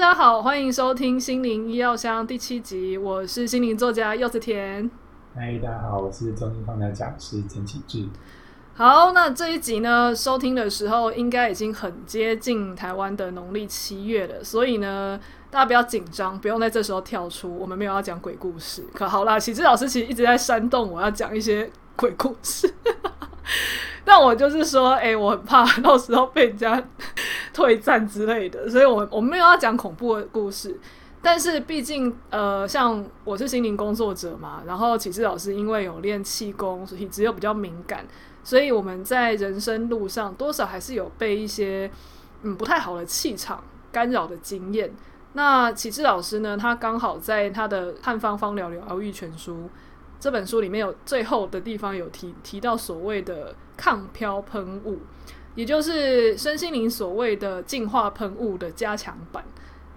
大家好，歡迎收聽《心靈醫藥箱》第七集，我是心靈作家柚子甜。嗨，大家好，我是中醫芳療講師陳啟志。好，那這一集呢，收聽的時候應該已經很接近台灣的農曆七月了，所以呢，大家不要緊張，不用在這時候跳出，我們沒有要講鬼故事。可好，好啦，啟志老師其實一直在煽動我要講一些鬼故事， 但我就是說，哎，我很怕到時候被人家。退戰之類的，所以我我沒有要講恐怖的故事，但是畢竟呃，像我是心靈工作者嘛，然後啟志老師因為有練氣功，所以只有比較敏感，所以我們在人生路上多少還是有被一些嗯不太好的氣場干擾的經驗。那啟志老師呢，他剛好在他的《漢芳芳療自癒全書》這本書裡面有最後的地方有提提到所謂的抗飄噴霧。也就是身心靈所謂的淨化噴霧的加強版，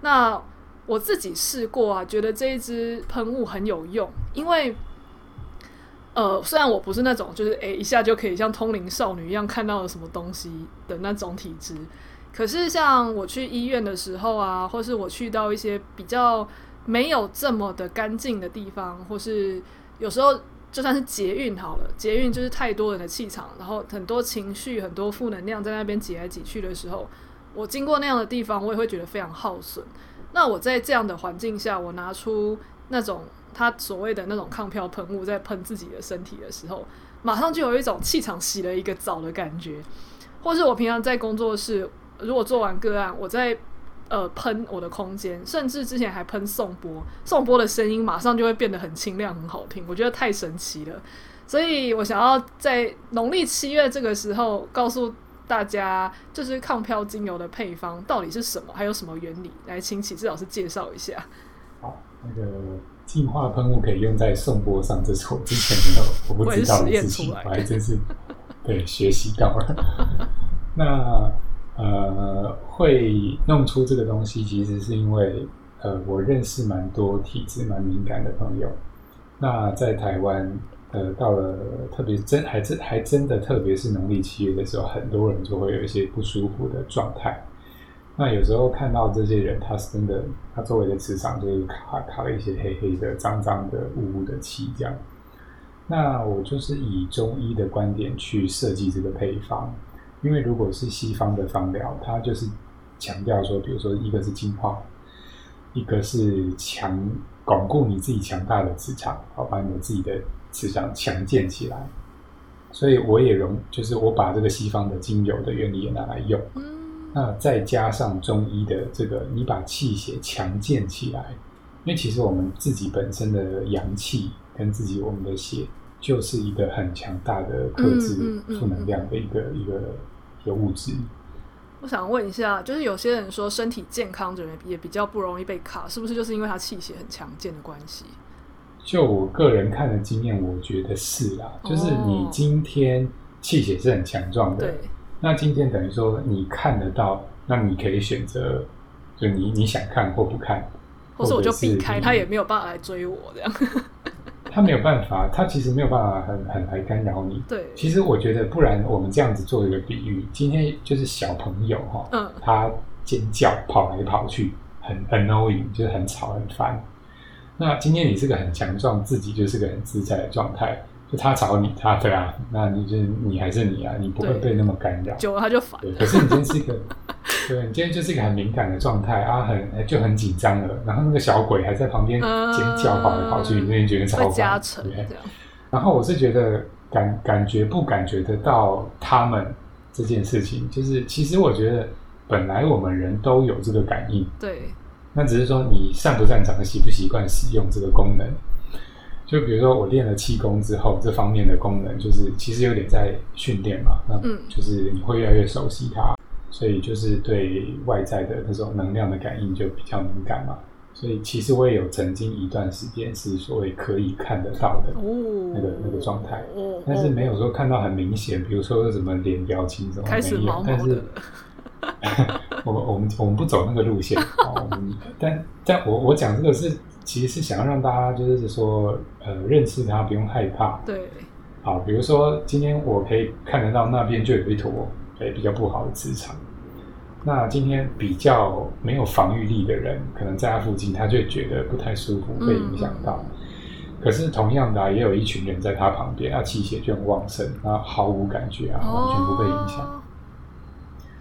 那我自己試過啊，覺得這一支噴霧很有用，因為，呃，雖然我不是那種就是誒、欸、一下就可以像通靈少女一樣看到了什麼東西的那種體質，可是像我去醫院的時候啊，或是我去到一些比較沒有這麼的乾淨的地方，或是有時候。就算是捷運好了，捷運就是太多人的氣場，然後很多情緒、很多負能量在那邊擠來擠去的時候，我經過那樣的地方，我也會覺得非常耗損。那我在這樣的環境下，我拿出那種他所謂的那種抗飄噴霧，在噴自己的身體的時候，馬上就有一種氣場洗了一個澡的感覺。或是我平常在工作室，如果做完個案，我在。呃，噴我的空間，甚至之前還噴頌缽。頌缽的聲音馬上就會變得很清亮，很好聽，我覺得太神奇了。所以我想要在農曆七月這個時候告訴大家，就是抗飄精油的配方到底是什麼，還有什麼原理，來請啟志老師介紹一下。好，那個淨化噴霧可以用在頌缽上，這是我之前沒有，我不知道的事情，我還真是 對，學習到了。 那。呃，會弄出這個東西，其實是因為，呃，我認識蠻多體質蠻敏感的朋友。那在台灣，呃，到了特別真，還真還真的，特別是農曆七月的時候，很多人就會有一些不舒服的狀態。那有時候看到這些人，他是真的，他周圍的磁場就是卡卡了一些黑黑的、髒髒的、污污的氣，這樣。那我就是以中醫的觀點去設計這個配方。因為如果是西方的芳療，它就是強調說，比如說一個是淨化，一個是強鞏固你自己強大的磁場，好把你自己的磁場強健起來。所以我也融，就是我把這個西方的精油的原理也拿來用。嗯、那再加上中醫的這個，你把氣血強健起來，因為其實我們自己本身的陽氣跟自己我們的血就是一個很強大的克制負能量的一個嗯嗯嗯嗯一個。有物質。我想問一下，就是有些人說身體健康的人也比較不容易被卡，是不是就是因為他氣血很強健的關係？就我個人看的經驗，我覺得是啦、啊。就是你今天氣血是很強壯的、對，那今天等於說你看得到，那你可以選擇，就你你想看或不看，或是我就避開他也沒有辦法來追我這樣。 他沒有辦法，他其實沒有辦法很很來干擾你。對，其實我覺得不然，我們這樣子做一個比喻，今天就是小朋友哈、喔，嗯，他尖叫跑來跑去，很很 n o i 就是很吵很煩。那今天你是個很強壯，自己就是個很自在的狀態，就他吵你，他對啊，那你就是你還是你啊，你不會被那麼干擾。久了他就煩。對，可是你真是一個。 對，你今天就是一個很敏感的狀態啊很，很就很緊張了。然後那個小鬼還在旁邊尖叫，跑來跑去，你、呃、那邊覺得超。會加成這樣。對。然後我是覺得感感覺不感覺得到他們這件事情，就是其實我覺得本來我們人都有這個感應。對。那只是說你擅不擅長、習不習慣使用這個功能。就比如說我練了氣功之後，這方面的功能就是其實有點在訓練嘛。嗯、那，就是你會越來越熟悉它。所以就是對外在的那種能量的感應就比較敏感嘛。所以其實我也有曾經一段時間是所謂可以看得到的那個、嗯、那個狀態、嗯，但是沒有說看到很明顯，比如說什麼臉表情這種沒有。但是， 我我們我們不走那個路線。 但但我我講這個是其實是想要讓大家就是說呃，認識它不用害怕。對。好，比如說今天我可以看得到那邊就有一坨，比較不好的磁場，那今天比較沒有防禦力的人，可能在他附近，他就覺得不太舒服，被影響到，嗯嗯。可是同樣的，啊，也有一群人在他旁邊，他，啊，氣血就很旺盛，他，啊，毫無感覺啊，哦，完全不被影響。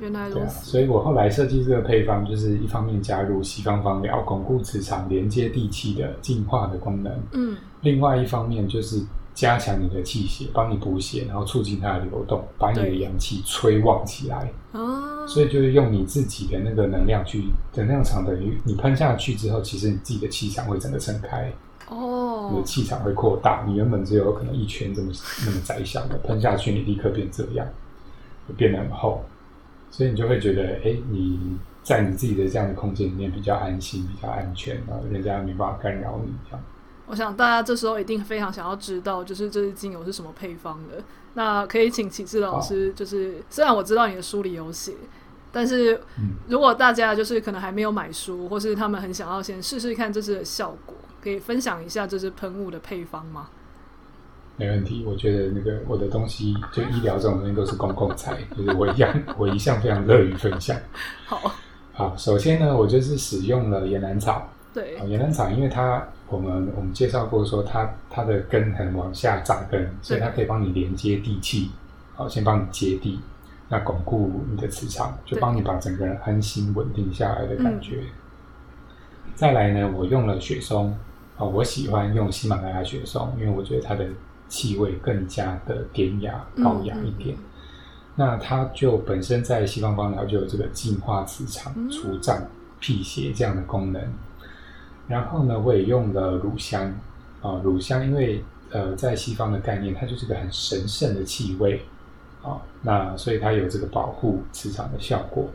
原來如此。對啊，所以我後來設計這個配方，就是一方面加入西方芳療，鞏固磁場，連接地氣的淨化的功能。嗯。另外一方面就是。加強你的氣血，幫你補血，然後促進它的流動，把你的陽氣催旺起來。所以就是用你自己的那個能量去，能量場等於你噴下去之後，其實你自己的氣場會整個撐開。哦、oh.，你的氣場會擴大，你原本只有可能一圈這麼那麼窄小的，噴下去你立刻變這樣，就變得很厚。所以你就會覺得，哎、欸，你在你自己的這樣的空間裡面比較安心，比較安全，然後人家沒辦法干擾你這樣。我想大家這時候一定非常想要知道，就是這支精油是什麼配方的。那可以請啟志老師，就是雖然我知道你的書裡有寫，但是如果大家就是可能還沒有買書，嗯、或是他們很想要先試試看這支的效果，可以分享一下這支噴霧的配方嗎？沒問題，我覺得那個我的東西，就醫療這種東西都是公共財， 就是我一樣，我一向非常樂於分享。好，好，首先呢，我就是使用了岩蘭草，對，岩蘭草，因為它。我們我們介紹過說，它它的根很往下扎根，所以它可以幫你連接地氣，好、哦、先幫你接地，那鞏固你的磁場，就幫你把整個人安心穩定下來的感覺。嗯、再來呢，我用了雪松，哦、我喜歡用喜馬拉雅雪松，因為我覺得它的氣味更加的典雅高雅一點嗯嗯。那它就本身在西方芳療就有這個淨化磁場、除、嗯、障、辟邪這樣的功能。然後呢，我也用了乳香啊，乳香因為呃，在西方的概念，它就是個很神聖的氣味，啊，哦，那所以它有這個保護磁場的效果。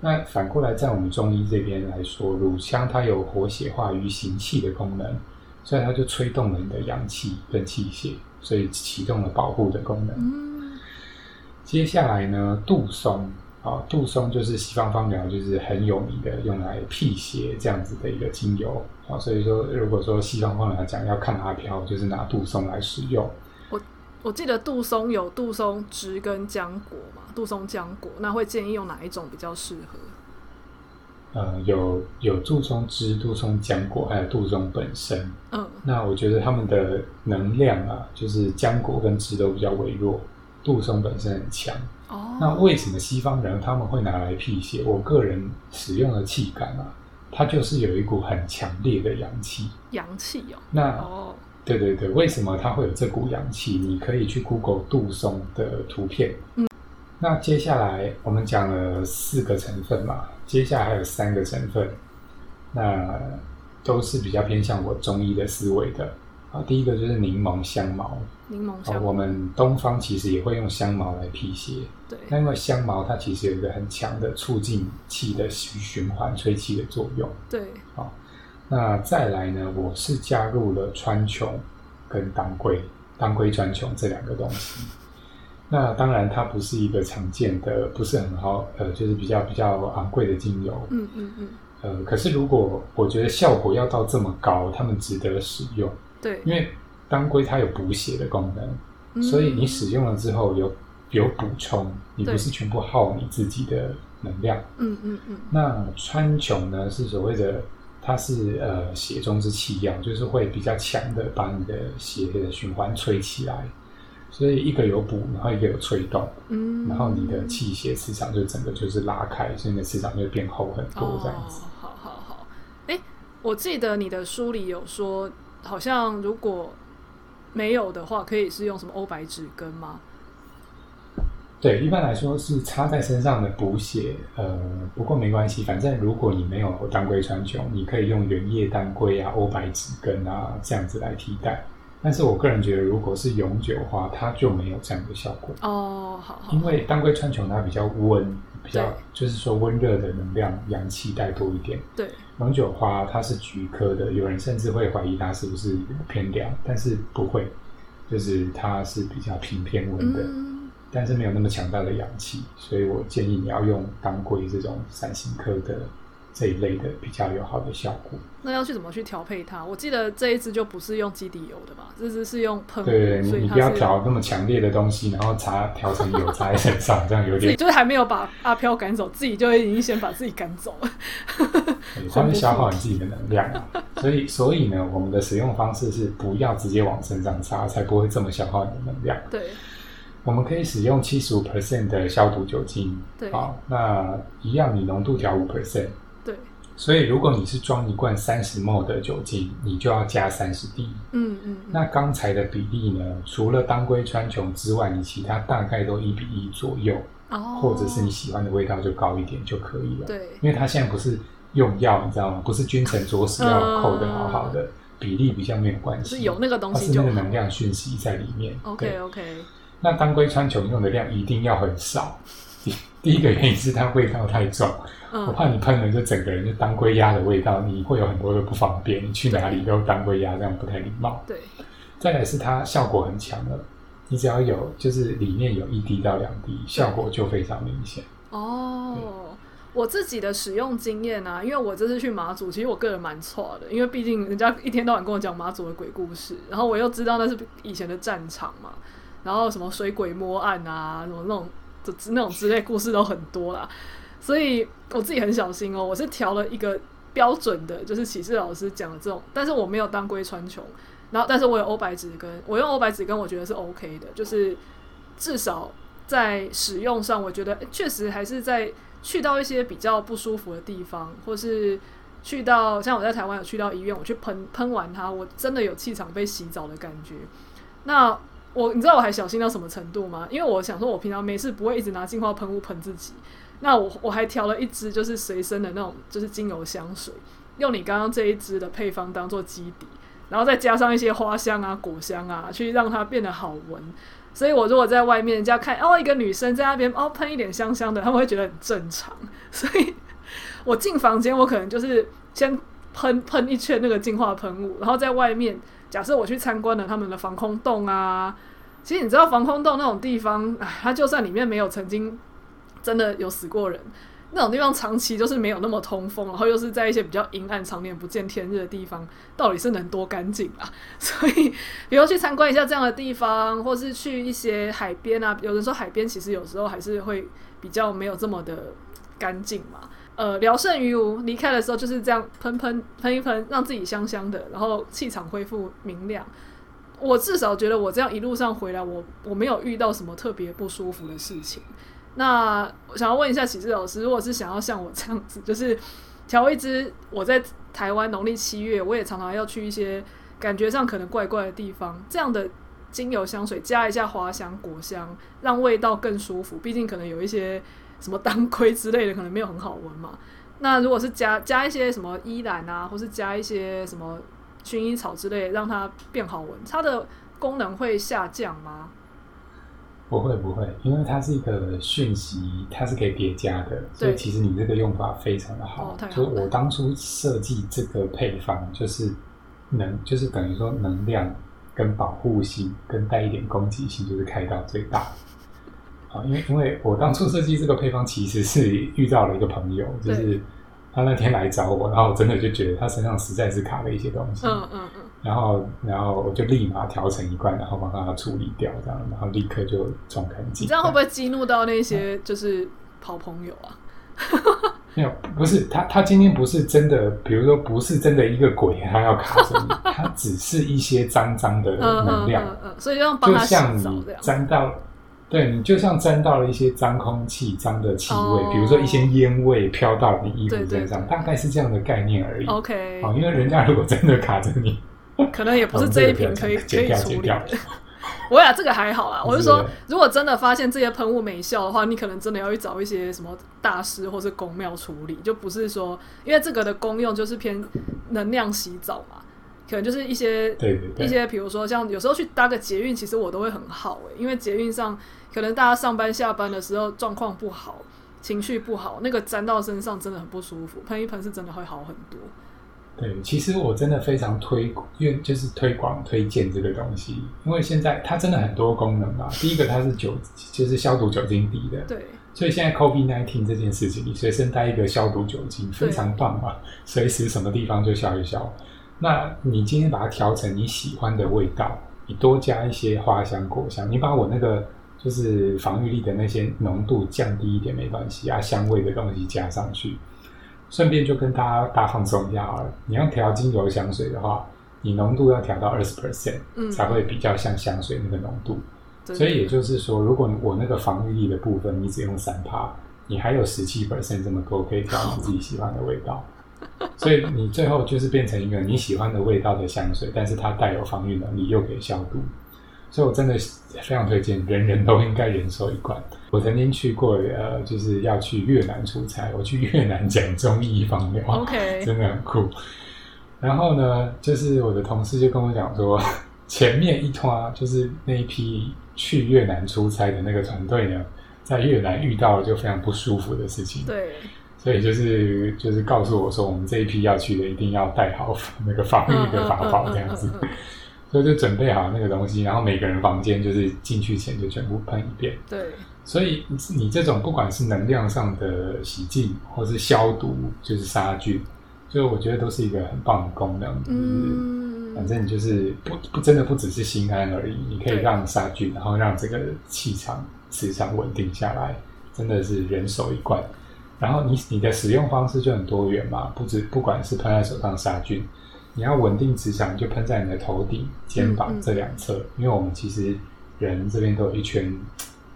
那反過來，在我們中醫這邊來說，乳香它有活血化瘀行氣的功能，所以它就吹動了你的陽氣跟氣血，所以啟動了保護的功能。嗯。接下來呢，杜松。好、哦，杜松就是西方芳療就是很有名的，用來辟邪，這樣子的一個精油。好、哦，所以說如果說西方芳療來講，要看阿飄，就是拿杜松來使用。我我記得杜松有杜松枝跟漿果嘛，杜松漿果，那會建議用哪一種比較適合？呃、嗯，有有杜松枝、杜松漿果，還有杜松本身。嗯，那我覺得他們的能量啊，就是漿果跟枝都比較微弱，杜松本身很強。哦，那為什麼西方人他們會拿來辟邪？我個人使用的氣感啊，它就是有一股很強烈的陽氣。陽氣哦，那對對對，為什麼它會有這股陽氣？你可以去 Google 杜松的圖片。嗯，那接下來我們講了四個成分嘛，接下來還有三個成分，那都是比較偏向我中醫的思維的。第一個就是檸檬香茅，檸檬香茅、哦。我們東方其實也會用香茅來辟邪，對。那因為香茅它其實有一個很強的促進氣的循環、吹氣的作用，對。好、哦，那再來呢？我是加入了川芎跟當歸，當歸川芎這兩個東西。嗯、那當然，它不是一個常見的，不是很好，呃，就是比較比較昂貴的精油。嗯嗯嗯。呃，可是如果我覺得效果要到這麼高，他們值得使用。對，因為當歸它有補血的功能，嗯，所以你使用了之後有有補充，你不是全部耗你自己的能量。嗯嗯嗯。那川芎呢，是所謂的，它是呃血中之氣藥，就是會比較強的把你的血液的循環吹起來，所以一個有補，然後一個有吹動，嗯，然後你的氣血磁場就整個就是拉開，所以你的磁場就變厚很多這樣子。哦，好好好，哎，欸，我記得你的書裡有說。好像如果沒有的話，可以是用什麼歐白芷根嗎？對，一般來說是插在身上的補血。呃，不過沒關係，反正如果你沒有當歸川芎，你可以用原液當歸啊、歐白芷根啊這樣子來替代。但是我個人覺得，如果是永久的話，它就沒有這樣的效果。哦，好，因為當歸川芎它比較溫，比較就是說溫熱的能量、陽氣帶多一點。對。永久花它是菊科的，有人甚至會懷疑它是不是有偏涼，但是不會，就是它是比較平偏溫的，嗯，但是沒有那麼強大的陽氣，所以我建議你要用當歸這種傘形科的。這一類的比較有好的效果。那要去怎麼去調配它？我記得這一支就不是用基底油的吧？這支是用噴霧，對對對，你不要調那麼強烈的東西，然後擦調成油擦在身上， 這樣有點自己就還沒有把阿飄趕走，自己就已經先把自己趕走了。哈，它會消耗你自己的能量、啊、 所以，所以呢，我們的使用方式是不要直接往身上擦，才不會這麼消耗你的能量。對，我們可以使用七十五 percent 的消毒酒精，對，好，那一樣你濃度調五 percent。所以，如果你是裝一罐三十毫的酒精，你就要加三十滴。嗯嗯。那剛才的比例呢？除了當歸川芎，之外，你其他大概都一比一左右，哦，或者是你喜歡的味道就高一點就可以了。對。因為它現在不是用藥，你知道嗎？不是君臣佐使要扣得好好的，呃，比例比較沒有關係。是有那個東西，它是那個能量訊息在裡面。OK OK。那當歸川芎用的量一定要很少。第 第一個原因是它味道太重。我怕你噴了，就整個人就當歸鴨的味道，你會有很多的不方便。你去哪裡都當歸鴨，這樣不太禮貌。對，再來是它效果很強的，你只要有就是裡面有一滴到兩滴，效果就非常明顯。哦，我自己的使用經驗啊，因為我這次去馬祖，其實我個人蠻剉的，因為畢竟人家一天到晚跟我講馬祖的鬼故事，然後我又知道那是以前的戰場嘛，然後什麼水鬼摸案啊，什麼那種那種之類故事都很多啦。 所以我自己很小心哦，我是調了一個標準的，就是啟志老師講的這種，但是我沒有當歸川芎，然後但是我有歐白芷根，我用歐白芷根我覺得是 OK 的，就是至少在使用上，我覺得確、欸、確實還是在去到一些比較不舒服的地方，或是去到像我在台灣有去到醫院，我去噴噴完它，我真的有氣場被洗澡的感覺。那我你知道我還小心到什麼程度嗎？因為我想說，我平常沒事不會一直拿淨化噴霧噴自己。那我我還調了一支，就是隨身的那種，就是精油香水，用你剛剛這一支的配方當做基底，然後再加上一些花香啊、果香啊，去讓它變得好聞。所以，我如果在外面，人家看哦，一個女生在那邊哦噴一點香香的，他們會覺得很正常。所以，我進房間，我可能就是先噴噴一圈那個淨化噴霧，然後在外面，假設我去參觀了他們的防空洞啊。其實你知道防空洞那種地方，唉，它就算裡面沒有曾經。真的有死過人，那種地方長期就是沒有那麼通風，然後又是在一些比較陰暗、常年不見天日的地方，到底是能多乾淨啊？所以，比如去參觀一下這樣的地方，或是去一些海邊啊。有人說海邊其實有時候還是會比較沒有這麼的乾淨嘛，呃，聊勝於無。離開的時候就是這樣噴噴噴一噴，讓自己香香的，然後氣場恢復明亮。我至少覺得我這樣一路上回來我、我我沒有遇到什麼特別不舒服的事情。那我想要問一下啟志老師，如果是想要像我這樣子，就是調一支我在台灣農曆七月，我也常常要去一些感覺上可能怪怪的地方，這樣的精油香水加一下花香果香，讓味道更舒服。畢竟可能有一些什麼當歸之類的，可能沒有很好聞嘛。那如果是加加一些什麼依蘭啊，或是加一些什麼薰衣草之類的，讓它變好聞，它的功能會下降嗎？不會不會，因為它是一個訊息，它是可以疊加的，所以其實你這個用法非常的好。哦、好的就我當初設計這個配方，就是能就是等於說能量跟保護性跟帶一點攻擊性，就是開到最大。好，因為因為我當初設計這個配方，其實是遇到了一個朋友，就是。他那天來找我，然後我真的就覺得他身上實在是卡了一些東西，嗯嗯嗯，然後然後我就立馬調成一罐，然後幫他處理掉這樣，然後立刻就沖乾淨。你這樣會不會激怒到那些就是好朋友啊？啊 沒有，不是，他，他今天不是真的，比如說不是真的一個鬼，他要卡什麼？ 他只是一些髒髒的能量，嗯嗯嗯嗯、所以就幫他洗澡。對，你就像沾到了一些髒空氣、髒的氣味，oh, 比如說一些煙味飄到你衣服身上對對對，大概是這樣的概念而已。OK，好，哦，因為人家如果真的卡着你，可能也不是這一瓶，哦，這一瓶可以可以，可以處理的。處理的 我倆這個還好啦， 我是說是，如果真的發現這些噴霧沒效的話，你可能真的要去找一些什麼大師或是宮廟處理，就不是說，因為這個的功用就是偏能量洗澡嘛。可能就是一些對對對一些，比如說像有時候去搭個捷運，其實我都會很好哎，因為捷運上可能大家上班下班的時候狀況不好，情緒不好，那個沾到身上真的很不舒服，噴一噴是真的會好很多。對，其實我真的非常推，因為就是推廣推薦這個東西，因為現在它真的很多功能嘛。第一個它是酒，就是消毒酒精底的，對。所以現在 COVID-19 這件事情，你隨身帶一個消毒酒精，非常棒啊，隨時什麼地方就消一消。那你今天把它調成你喜歡的味道，你多加一些花香果香，你把我那個就是防禦力的那些濃度降低一點沒關係啊，香味的東西加上去，順便就跟大家大放鬆一下啊。你要調精油香水的話，你濃度要調到二十 percent，嗯，才會比較像香水那個濃度。對。所以也就是說，如果我那個防禦力的部分你只用三趴，你還有十七 percent 這麼高，可以調你自己喜歡的味道。嗯。 所以你最後就是變成一個你喜歡的味道的香水，但是它帶有防御的，你又可以消毒。所以，我真的非常推薦，人人都應該人手一罐。我曾經去過，呃，就是要去越南出差，我去越南講中醫芳療，OK，真的很酷。然後呢，就是我的同事就跟我講說，前面一托就是那一批去越南出差的那個團隊呢，在越南遇到了就非常不舒服的事情。對。所以就是就是告訴我說，我們這一批要去的一定要帶好那個防御的法寶、嗯、那個、這樣子、嗯嗯嗯，所以就準備好那個東西，然後每個人房間就是進去前就全部噴一遍。對，所以你這種不管是能量上的洗淨，或是消毒，就是殺菌，就我覺得都是一個很棒的功能。嗯、就是，反正你就是不、嗯、不真的不只是心安而已，你可以讓殺菌，然後讓這個氣場磁場穩定下來，真的是人手一罐。然後你你的使用方式就很多元嘛，不止，不管是噴在手上殺菌，你要穩定磁場就噴在你的頭頂、嗯、肩膀這兩側、嗯，因為我們其實人這邊都有一圈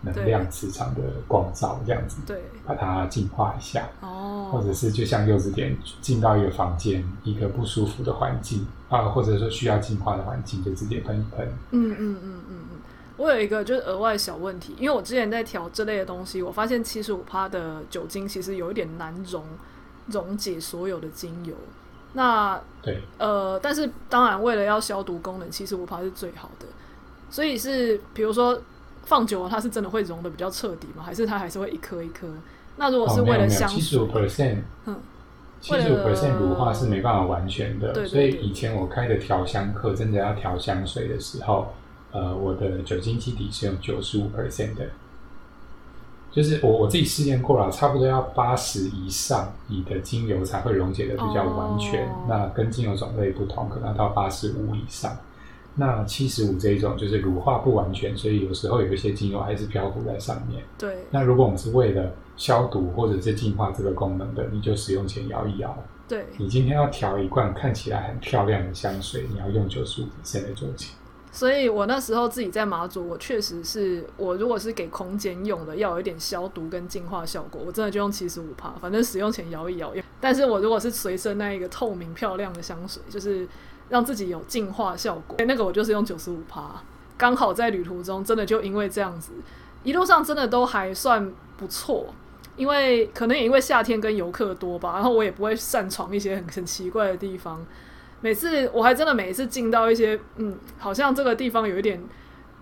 能量磁場的光照這樣子，對，把它淨化一下，哦，或者是就像柚子甜進到一個房間，一個不舒服的環境啊，或者說需要淨化的環境，就直接噴一噴，嗯嗯嗯嗯。嗯嗯我有一個就是額外小問題，因為我之前在調這類的東西，我發現七十五趴的酒精其實有一點難溶，溶解所有的精油。那對，呃，但是當然為了要消毒功能，七十五趴是最好的。所以是，比如說放久了，它是真的會溶得比較徹底嗎？還是它還是會一顆一顆？那如果是為了香水，七十五趴，嗯，七十五趴乳化是沒辦法完全的。對對對對，所以以前我開的調香課，真的要調香水的時候。呃，我的酒精基底是用九十五 percent 的，就是我我自己試驗過了，差不多要八十以上，你的精油才會溶解的比較完全，哦。那跟精油種類不同，可能要到八十五以上。那七十五這一種就是乳化不完全，所以有時候有一些精油還是漂浮在上面。對。那如果我們是為了消毒或者是淨化這個功能的，你就使用前搖一搖。對。你今天要調一罐，看起來很漂亮的香水，你要用九十五 percent 的酒精。所以我那時候自己在馬祖，我確實是我如果是給空間用的，要有一點消毒跟淨化效果，我真的就用七十五趴，反正使用前搖一搖。但是我如果是隨身那一個透明漂亮的香水，就是讓自己有淨化效果，那個我就是用九十五趴，剛好在旅途中，真的就因為這樣子，一路上真的都還算不錯，因為可能也因為夏天跟遊客多吧，然後我也不會擅闖一些很很奇怪的地方。每次我還真的每一次進到一些嗯，好像這個地方有一點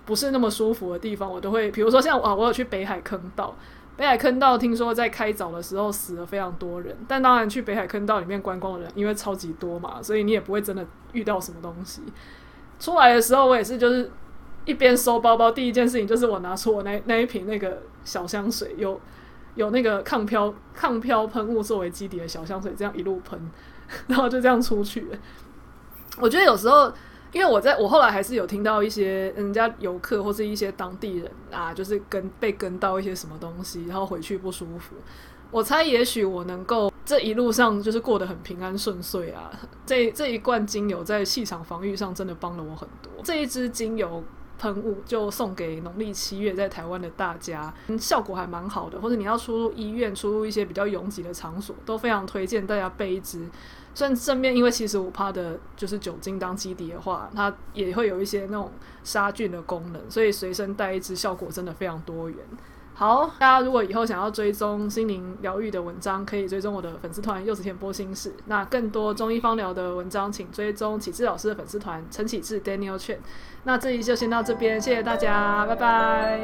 不是那麼舒服的地方，我都會比如說像啊，我有去北海坑道，北海坑道聽說在開鑿的時候死了非常多人，但當然去北海坑道裡面觀光的人因為超級多嘛，所以你也不會真的遇到什麼東西。出來的時候我也是就是一邊收包包，第一件事情就是我拿出我那那一瓶那個小香水，有有那個抗飄抗飄噴霧作為基底的小香水，這樣一路噴，然後就這樣出去。我覺得有時候，因為我在我後來還是有聽到一些人家遊客或是一些當地人啊，就是跟被跟到一些什麼東西，然後回去不舒服。我猜也許我能夠這一路上就是過得很平安順遂啊。這這一罐精油在氣場防御上真的幫了我很多。這一支精油。噴霧就送給農曆七月在台灣的大家，效果還蠻好的。或者你要出入醫院、出入一些比較擁擠的場所，都非常推薦大家備一支。雖然順便，因為其實75%的就是酒精當基底的話，它也會有一些那種殺菌的功能，所以隨身帶一支，效果真的非常多元。好，大家如果以後想要追蹤心靈療癒的文章，可以追蹤我的粉絲團柚子甜剝心事。那更多中醫芳療的文章，請追蹤啟志老師的粉絲團陳啟志 Daniel Chen。那這一集就先到這邊，謝謝大家，拜拜。